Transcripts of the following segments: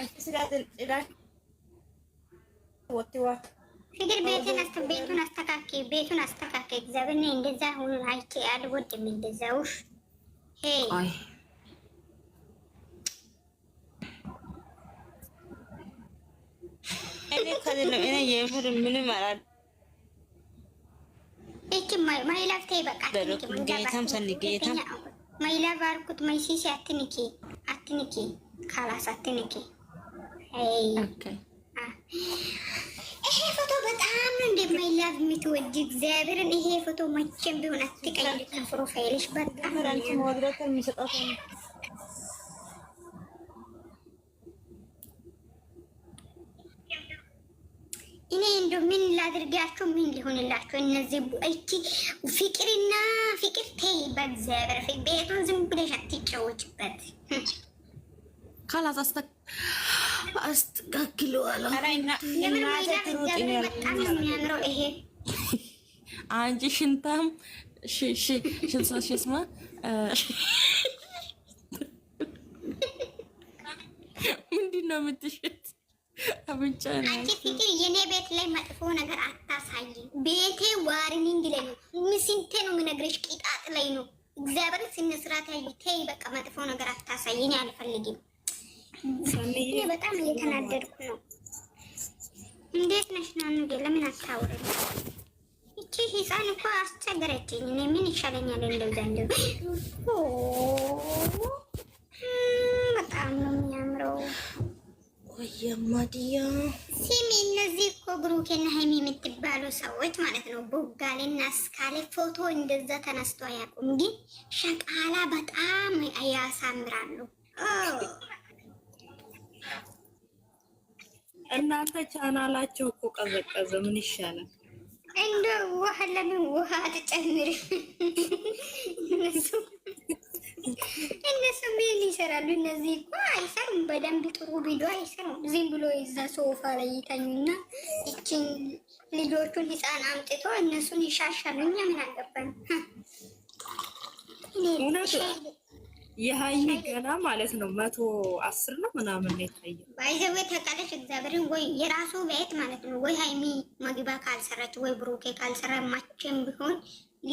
ፍቅር ቤትን ቤቱን አስተካከ ቤቱን አስተካከ እግዚአብሔር እንደዛ ሁኑ አይቼ አልወድም። እንደዛ ውሽ ምንም ማይላፍ አልኩት። ማይ ሲሲ አትንኪ፣ አትንኪ፣ ካላስ አትንኪ ይሄ ፎቶ በጣም እንደማይላፍ የምትወድ እግዚአብሔርን፣ ይሄ ፎቶ መቼም ቢሆን አትቀይሪ ከፕሮፋይልሽ። በጣም እኔ እንደው ምን ላድርጋችሁ? ምን ሊሆንላችሁ? እነዚህ እቺ ፍቅርና ፍቅር ተይ፣ በእግዚአብሔር ቤቱን ዝም ብለሽ አትጫወችበት። ካላስ አስተካክለዋለሁ። አንቺ ሽንታም ሽስማ ምንድን ነው የምትሸት? አብቻ ፍቅር የኔ ቤት ላይ መጥፎ ነገር አታሳይ። ቤቴ ዋርኒንግ ላይ ነው፣ ምስንቴ ነው የምነግርሽ፣ ቂጣጥ ላይ ነው። እግዚአብሔር ስነ ያይ። ተይ በቃ መጥፎ ነገር አልፈልግም እኔ በጣም እየተናደድኩ ነው። እንዴት ነሽ ናኑዬ? ለምን አታውረኝ? ይቺ ህፃን እኮ አስቸገረችኝ። እኔ ምን ይሻለኛል? እንደዛ እንደዛ በጣም ነው የሚያምረው። ወየማዲያ ሲሚ እነዚህ እኮ ብሩኬና ሀይሚ የምትባሉ ሰዎች ማለት ነው። ቦጋሌና እስካሌ ፎቶ እንደዛ ተነስቶ አያውቁም፣ ግን ሸቃላ በጣም ያሳምራሉ። እናንተ ቻናላችሁ እኮ ቀዘቀዘ። ምን ይሻላል? እንደ ውሃ ለምን ውሃ አትጨምሪ? እነሱ ምን ይሰራሉ? እነዚህ እኮ አይሰሩም። በደንብ ጥሩ ቪዲዮ አይሰሩም። ዝም ብሎ እዛ ሶፋ ላይ ይተኙና ይችን ልጆቹን ህፃን አምጥቶ እነሱን ይሻሻሉ። እኛ ምን አገባን? የሀይሚ ገና ማለት ነው መቶ አስር ነው ምናምን የታየ ባይዘዌ ተቀለሽ እግዚአብሔርን ወይ የራሱ ቤት ማለት ነው ወይ ሀይሚ መግቢያ ካልሰራች ወይ ብሩኬ ካልሰራ ማቼም ቢሆን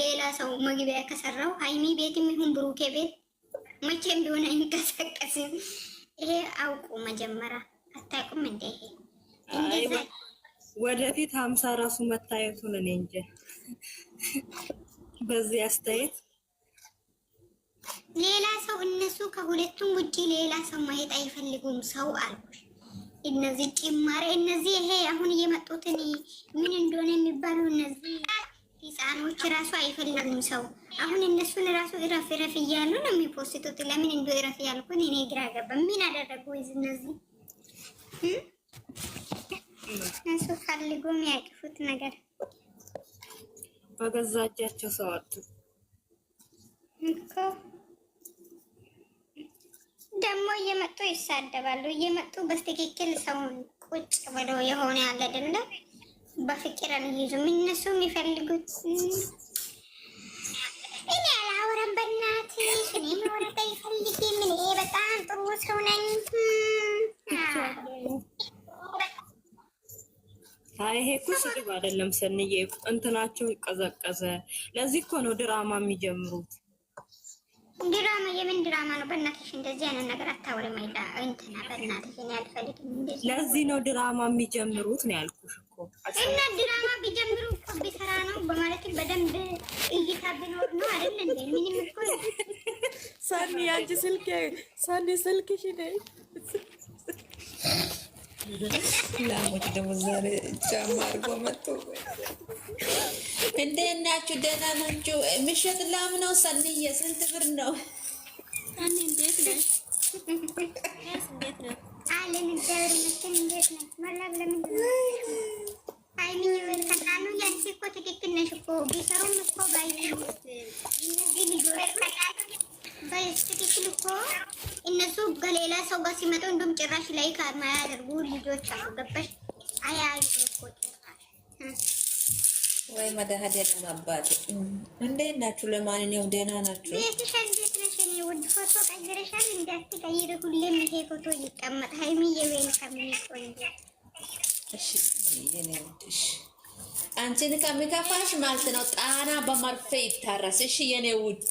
ሌላ ሰው መግቢያ ከሰራው ሀይሚ ቤት የሚሆን ብሩኬ ቤት መቼም ቢሆን አይንቀሳቀስም። ይሄ አውቁ መጀመሪያ አታውቁም እንደ ይሄ ወደፊት ሀምሳ ራሱ መታየቱን እኔ እንጂ በዚህ አስተያየት ሌላ ሰው እነሱ ከሁለቱም ውጪ ሌላ ሰው ማየት አይፈልጉም። ሰው አልኩሽ። እነዚህ ጭማሪ እነዚህ ይሄ አሁን እየመጡትን ምን እንደሆነ የሚባሉ እነዚህ ህፃኖች ራሱ አይፈልጉም ሰው። አሁን እነሱን ራሱ እረፍ እረፍ እያሉ ነው የሚፖስቱት። ለምን እንደ እረፍ ያልኩን እኔ ግራ ገባ። ምን አደረጉ ወይዝ እነዚህ እነሱ ፈልጎ የሚያቅፉት ነገር በገዛ እጃቸው ሰው አጡ እኮ ደግሞ እየመጡ ይሳደባሉ። እየመጡ በትክክል ሰውን ቁጭ ብሎ የሆነ ያለ አይደለ በፍቅር ይዙ እነሱ የሚፈልጉት እኔ አላወራም። በእናትሽ እኔ ማውራት አይፈልግም። እኔ በጣም ጥሩ ሰው ነኝ። ይሄ እኮ ስድብ አይደለም ሰንዬ፣ እንትናቸው ይቀዘቀዘ። ለዚህ እኮ ነው ድራማ የሚጀምሩት። ድራማ የምን ድራማ ነው? በእናትሽ እንደዚህ አይነት ነገር አታወሪም። አይዳ እንትና በእናትሽ እኔ አልፈልግም። ለዚህ ነው ድራማ የሚጀምሩት ነው ያልኩሽ እኮ። እና ድራማ ቢጀምሩ እኮ ቢሰራ ነው በማለት በደንብ እይታ ቢኖር ነው አይደል እንዴ? ምንም እኮ ሳኒ፣ አንቺ ስልክ ሳኒ፣ ስልክሽ ነይ ላሞች ደግሞ ዛሬ ጫማ አድርጎ መጡ። እንዴት ናችሁ? ደህና ናችሁ? ምሽት ላም ነው። ሰንዬ ስንት ብር ነው? ትክክል ነሽ እኮ ቢሰሩም እኮ ባይ እነዚህ ልጆች በስትክክል እኮ እነሱ ከሌላ ሰው ጋር ሲመጡ እንዲሁም ጭራሽ ላይ ከማያደርጉ ልጆች አሉ። ገባሽ? አያዩ እኮ ጭራሽ ወይ መድኃኒዓለም አባቴ፣ እንዴት ናችሁ? ለማንኛውም ደህና ናችሁ? ቤትሽ እንዴት ነሽ? እኔ ውድ ፎቶ ቀይረሻል። እንዳትቀይሪ ሁሌም ይሄ ፎቶ ይቀመጥ። ሀይሚዬ ወይን ከሚቆይ እሺ፣ የኔ ውድ አንቺን ከሚከፋሽ ማለት ነው ጣና በመርፌ ይታረስ። እሺ የኔ ውድ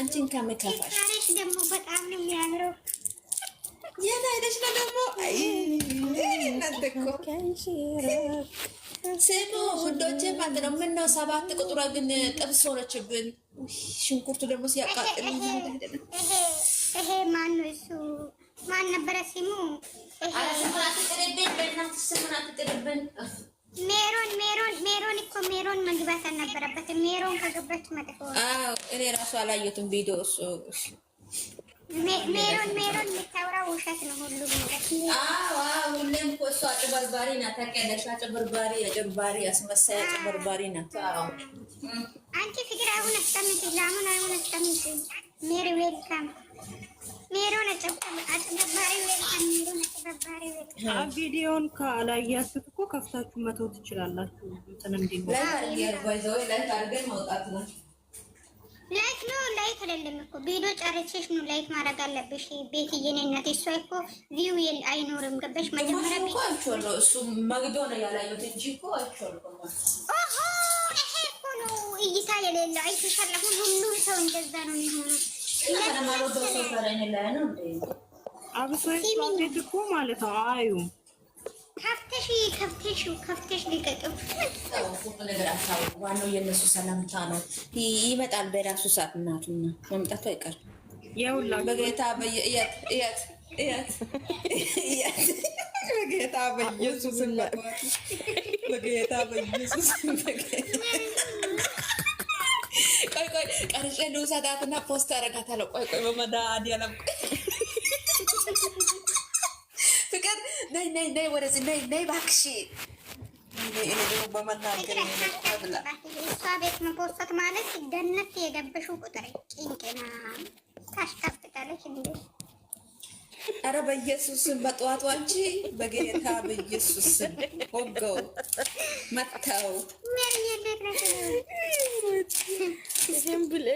አንቺን ከምከፋሽ ደግሞ በጣም ነው የሚያምረው። የት አይደሽ ነው ደግሞ ስሙ ውዶች ማለት ነው። ምነው ሰባት ቁጥሯ ግን ጥብስ ሆነችብን። ሽንኩርቱ ደግሞ ሲያቃጥል ይሄ ማን ነው? እሱ ማን ነበረ ስሙ? ስሙን አትጥልብን፣ በእናትሽ ስሙን አትጥልብን። ሜሮን ሜሮን ሜሮን እኮ ሜሮን መግባት አልነበረበትም። ሜሮን ከገባች መጥፎ። አዎ እኔ ራሱ አላየሁትም ቪዲዮ እሱ ሜሮን ሜሮን የምታወራው ውሸት ነው ሁሉም ነገር። አዎ ሁሌም እኮ እሷ አጭበርባሪ ናት። ታውቂያለሽ፣ አጭበርባሪ አጭበርባሪ፣ አስመሳይ አጭበርባሪ ናት። አዎ አንቺ ፍቅር አሁን አስቀምጪ፣ ለአሁን አሁን አስቀምጪ። ሜሪ ዌልካም ቪዲዮን ካላያችሁት እኮ ከፍታችሁ መተው ትችላላችሁ። ላይክ አይደለም እኮ ቪዲዮ ጨርሼሽ ነው ላይክ ማድረግ አለብሽ። ቤት እየኔነት እሷ እኮ ቪው አይኖርም። ገባሽ? መጀመሪያ እኮ ነው እይታ የሌለው አይተሻል። ሁሉም ሰው እንደዛ ነው የሚሆነው አብሶዬ ቤት እኮ ማለት ነው። አዩ ከፍተሽ ከፍተሽ ከፍተሽ ሊቀቅም ዋናው የእነሱ ሰላምታ ነው። ይመጣል በራሱ ሰዓት እናቱና መምጣቱ አይቀርም። በጌታ በጌታ በኢየሱስ በጌታ በኢየሱስ ልውሰዳትና ፖስት አደርጋታለሁ። ቆይ ቆይ በመዳዲ ያለም ፍቅር ነይ ነይ ነይ ወደዚ ነይ ነይ እባክሽ በመናገር እሷ ቤት መፖስት ማለት ሲገነት የገበሹ ቁጥር ጭንቅና ታሽቀፍጥቃለች እንዴ! አረ በኢየሱስን በጠዋቱ አንቺ በጌታ በኢየሱስን ወገው መታው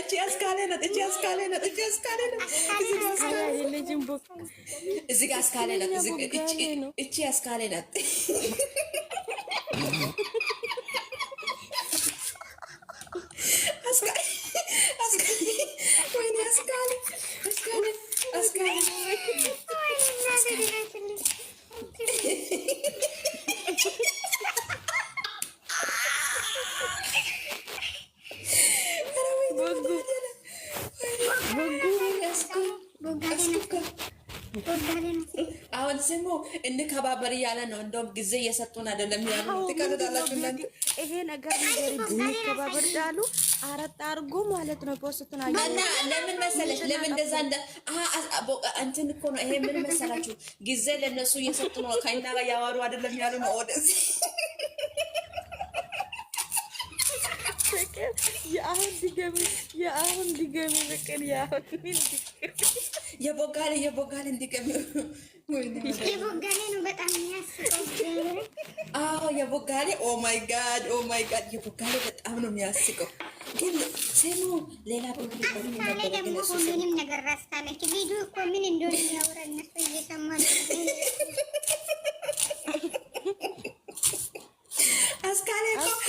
እቺ አስካለ ናት። እቺ አስካለ ናት። እቺ አስካለ ናት። እዚህ ጋር አስካለ ናት። እዚህ እቺ አስካለ ናት። አሁን ስሙ እንከባበር እያለ ነው። እንደውም ጊዜ እየሰጡን አይደለም ያሉ ትቀርዳላችሁ። ይሄ ነገር እንከባበር ዳሉ አረጣ አርጎ ማለት ነው። ፖስቱን ለምን መሰለሽ ለምን እንደዛ እንደ እንትን እኮ ነው። ይሄ ምን መሰላችሁ ጊዜ ለእነሱ እየሰጡ ነው። ከእኛ ጋር እያዋሩ አይደለም ያሉ ነው ወደዚህ ፍቅር የአሁን ድገሚ የአሁን ድገሚ ፍቅር የአሁን የቦጋሌ የቦጋሌ እንድገሚ የቦጋሌ ነው በጣም የሚያስቀው። አዎ የቦጋሌ ኦ ማይ ጋድ ኦ ማይ ጋድ የቦጋሌ በጣም ነው የሚያስቀው። ግን ስሙ ሌላ ደግሞ ምንም ነገር ራስታለች ልጁ እኮ ምን እንደሆነ ያወራ እነሱ እየሰማ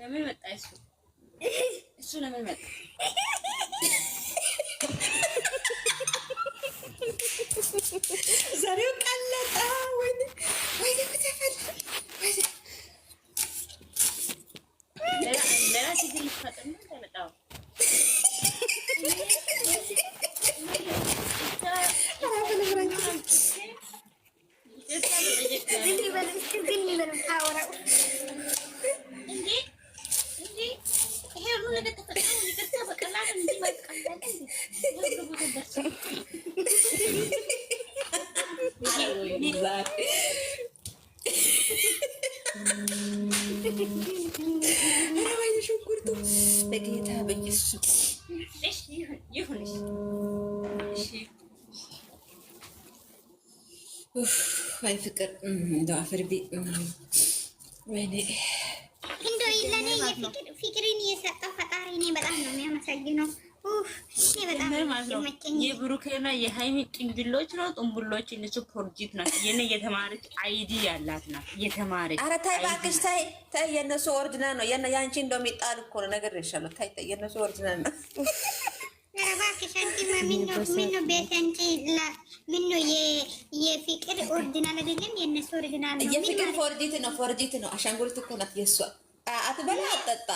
ለምን መጣ እሱ እሱ ለምን መጣ? ዛሬው ቀለጠ ወይ ወይ ተፈል ወይ በጌታ በኢየሱስ ይሁንሽ። አይ ፍቅር እንደው አፈር ቤት ወይኔ እንደው ለእኔ ፍቅርን እየሰጠው ፈጣሪ እኔ በጣም ነው የሚያመሰግነው። የብሩኬና የሃይሚ ጥንብሎች ነው። ጥንብሎች እነሱ ፕሮጀክት ናት። የኔ የተማረች አይዲ ያላት ናት። የተማረች ኧረ ተይ እባክሽ ተይ ተይ። የእነሱ ኦርጅናል ነው። ያንቺ እንደውም ይጣል እኮ ነው ነገር ይሻላል። ተይ ተይ፣ የእነሱ ኦርጅናል ነው። ኧረ እባክሽ አንቺ ምነው ቤት አንቺ ምነው የፍቅር ኦርጅናል አይደለም፣ የእነሱ ኦርጅናል ነው። የፍቅር ፎርጂት ነው፣ ፎርጂት ነው። አሻንጉሊት እኮ ናት የእሷ። አትበላ አትጠጣ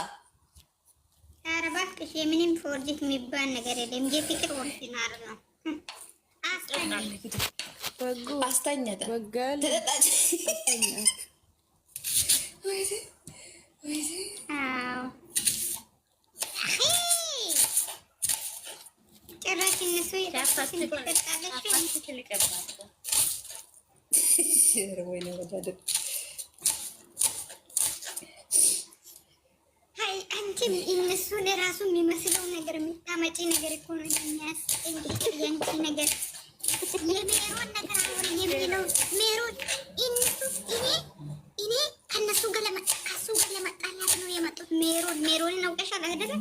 እባክሽ የምንም ፎርጅት የሚባል ነገር የለም። የፍቅር ኦሪጂናል ነው። ጭራሽ እነሱ ግን እነሱን ራሱ የሚመስለው ነገር የምታመጪ ነገር እኮ ነው የሚያስጠኝ። ያንቺ ነገር የሜሮን ነገር አሁን የሚለው ሜሮን እነሱ እኔ እኔ ከነሱ ጋር ከሱ ጋር ለመጣላት ነው የመጡት። ሜሮን ሜሮንን አውቀሻል አይደለ?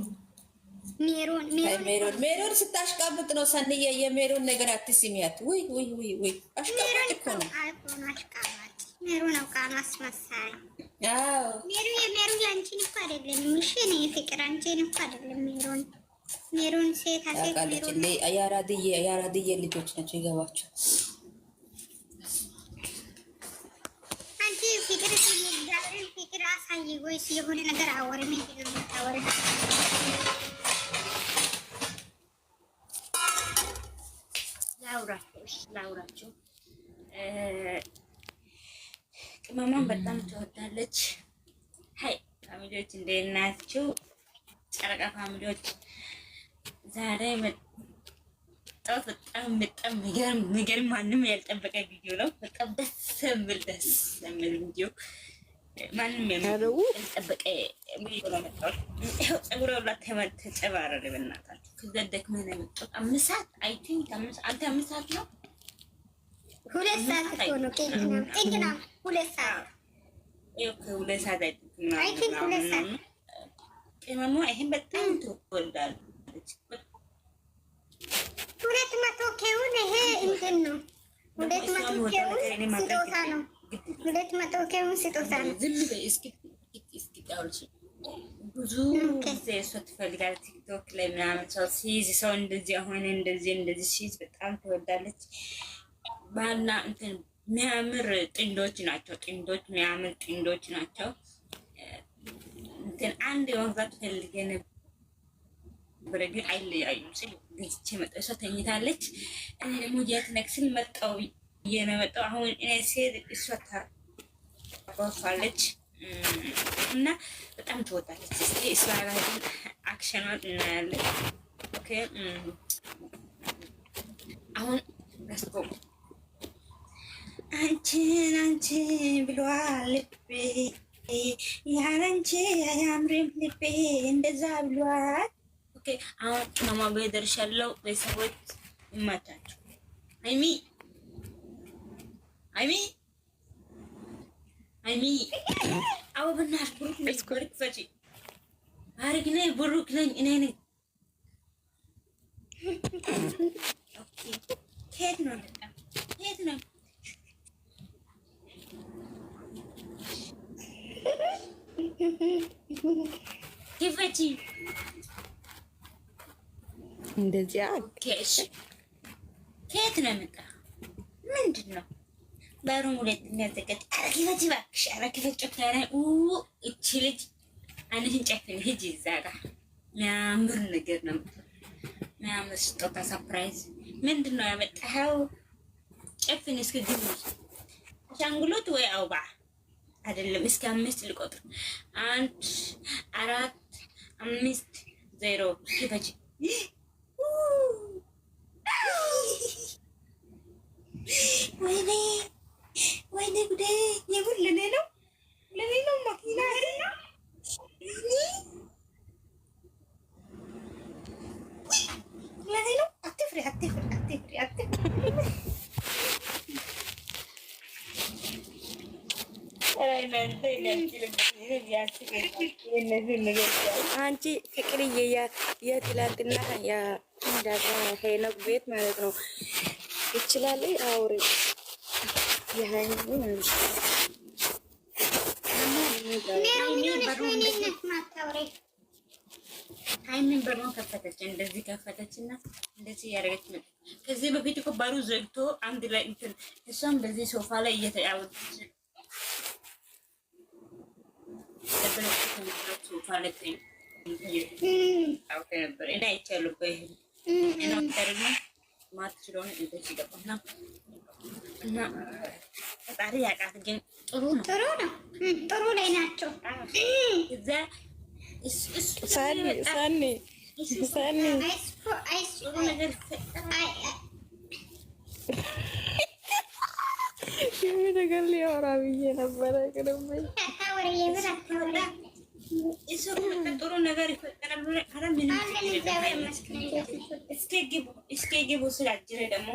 ሜሮን ሜሮን ስታሽቃብጥ ነው ሰንዬ። የሜሮን ነገር አትስሚያት። ውይ ውይ ውይ ውይ፣ አሽቃብጥ እኮ ነው። ሜሩ ነው እቃ ማስመሳያ። ሜሩ የሜሩ የአንቺን እኮ አይደለም። እሺ እኔ የፍቅር አንቺን እኮ አይደለም። ሜሩን ሜሩን ሴት ሴት የአራድዬ ልጆች ናቸው የገባቸው። አንቺ ፍቅር ሲሚዳርን ፍቅር አሳይ ወይስ የሆነ ነገር አወሪ? ምንድን ነው የምታወሪ? ላውራችሁ ላውራችሁ ቅመሟን በጣም ትወዳለች። ሀይ ፋሚሊዎች እንዴት ናችሁ? ጨረቃ ፋሚሊዎች ዛሬ መጣሁት። በጣም በጣም የሚገርም የሚገርም ማንም ያልጠበቀ ቪዲዮ ነው። በጣም ደስ የሚል ደስ የሚል ቪዲዮ ማንም ያልጠበቀ ቪዲዮ ነው መጣሁት። ይኸው ፀጉሬ ሁላ ተጨባረረ በእናታችሁ። ከዛ ደክመን የመጣሁት። አምስት ሰዓት አይ ቲንክ አንተ አምስት ሰዓት ነው ሁለት ሰዓት እኮ ነው። በጣም ትወዳለች። ሁለት መቶ ኬውን ይሄ እንትን ነው። ሁለት መቶ ኬውን ስጦታ ነው። ሁለት መቶ ኬውን ስጦታ ነው። ዝም በይ እስኪ ጣውልሽ። ብዙ ጊዜ እሷ ትፈልጋለች። ቲክቶክ ላይ ምናምን ሰው ሲይዝ ሰው እንደዚህ አሁን እንደዚህ እንደዚህ ሲይዝ በጣም ትወዳለች። ባልና እንትን የሚያምር ጥንዶች ናቸው። ጥንዶች የሚያምር ጥንዶች ናቸው። እንትን አንድ የመግዛት ፈልጌ ነበረ ግን ስል ገዝቼ መጣሁ። እሷ ተኝታለች። እኔ ደግሞ የት ነክ ስል መጣሁ አሁን እኔ ስሄድ እሷ ታጓፋለች እና በጣም ትወጣለች። ስ እሷ ላይ አክሽኗን እናያለን። አሁን ገዝቶ አንቺን አንቺን ብሏል ልቤ ያለ አያምርም ልቤ እንደዛ ብሏል። ኦኬ አሁን ማማ ቤት ደርሻለሁ። ቤተሰቦች ይማቻችሁ። አይሚ አይሚ አይሚ አዎ፣ በእናትሽ ብሩክ ነኝ። ብሩክ ፈጪ አሪክ ነኝ። ብሩክ ነኝ እኔ ነኝ። ኦኬ ኬት ነው ለቃ ነው ቲፈቺ እንደዚያ ከየት ነው የመጣ? ምንድን ነው በሩም ሁለት የሚያዘጋጅ ኧረ ቲፈቺ እባክሽ፣ ኧረ ቲፈቺ ጨክና እቺ ልጅ አንሽን ጨክን ሂጂ እዛ ጋር የሚያምር ነገር ነው የሚያምር ስጦታ ሰርፕራይዝ። ምንድን ነው ያመጣኸው? ጨፍን እስኪ ግቡ አሻንጉሎት ወይ አውባ አይደለም። እስኪ አምስት ልቆጥር። አንድ አራት አምስት ዜሮ ይፈጅ ወይኔ ወይኔ ጉዴ! የጉድ ለኔ ነው ለኔ ነው መኪና አይደለ? ለኔ ነው። አትፍሪ አትፍሪ አትፍሪ አትፍሪ አንቺ ፍቅርዬ የትላንትና ሄኖክ ቤት ማለት ነው ይችላል አውሪ ሃይሚን በሩን ከፈተች፣ እንደዚህ ከፈተች እና እንደዚህ ያደረገች ነው። ከዚህ በፊት እኮ በሩ ዘግቶ አንድ ላይ እንትን እሷም በዚህ ሶፋ ላይ እየተጫወተች ፈጣሪ ያውቃት። ግን ጥሩ ነው፣ ጥሩ ነው፣ ጥሩ ላይ ናቸው። እዛ ሰኒ የሆነ ነገር ሊያወራ ብዬ ነበረ። ቅርብኝ ጥሩ ነገር ይፈጠራል ብሎ ኧረ ምንም እስኪ ግቡ ስላጅሬ ደግሞ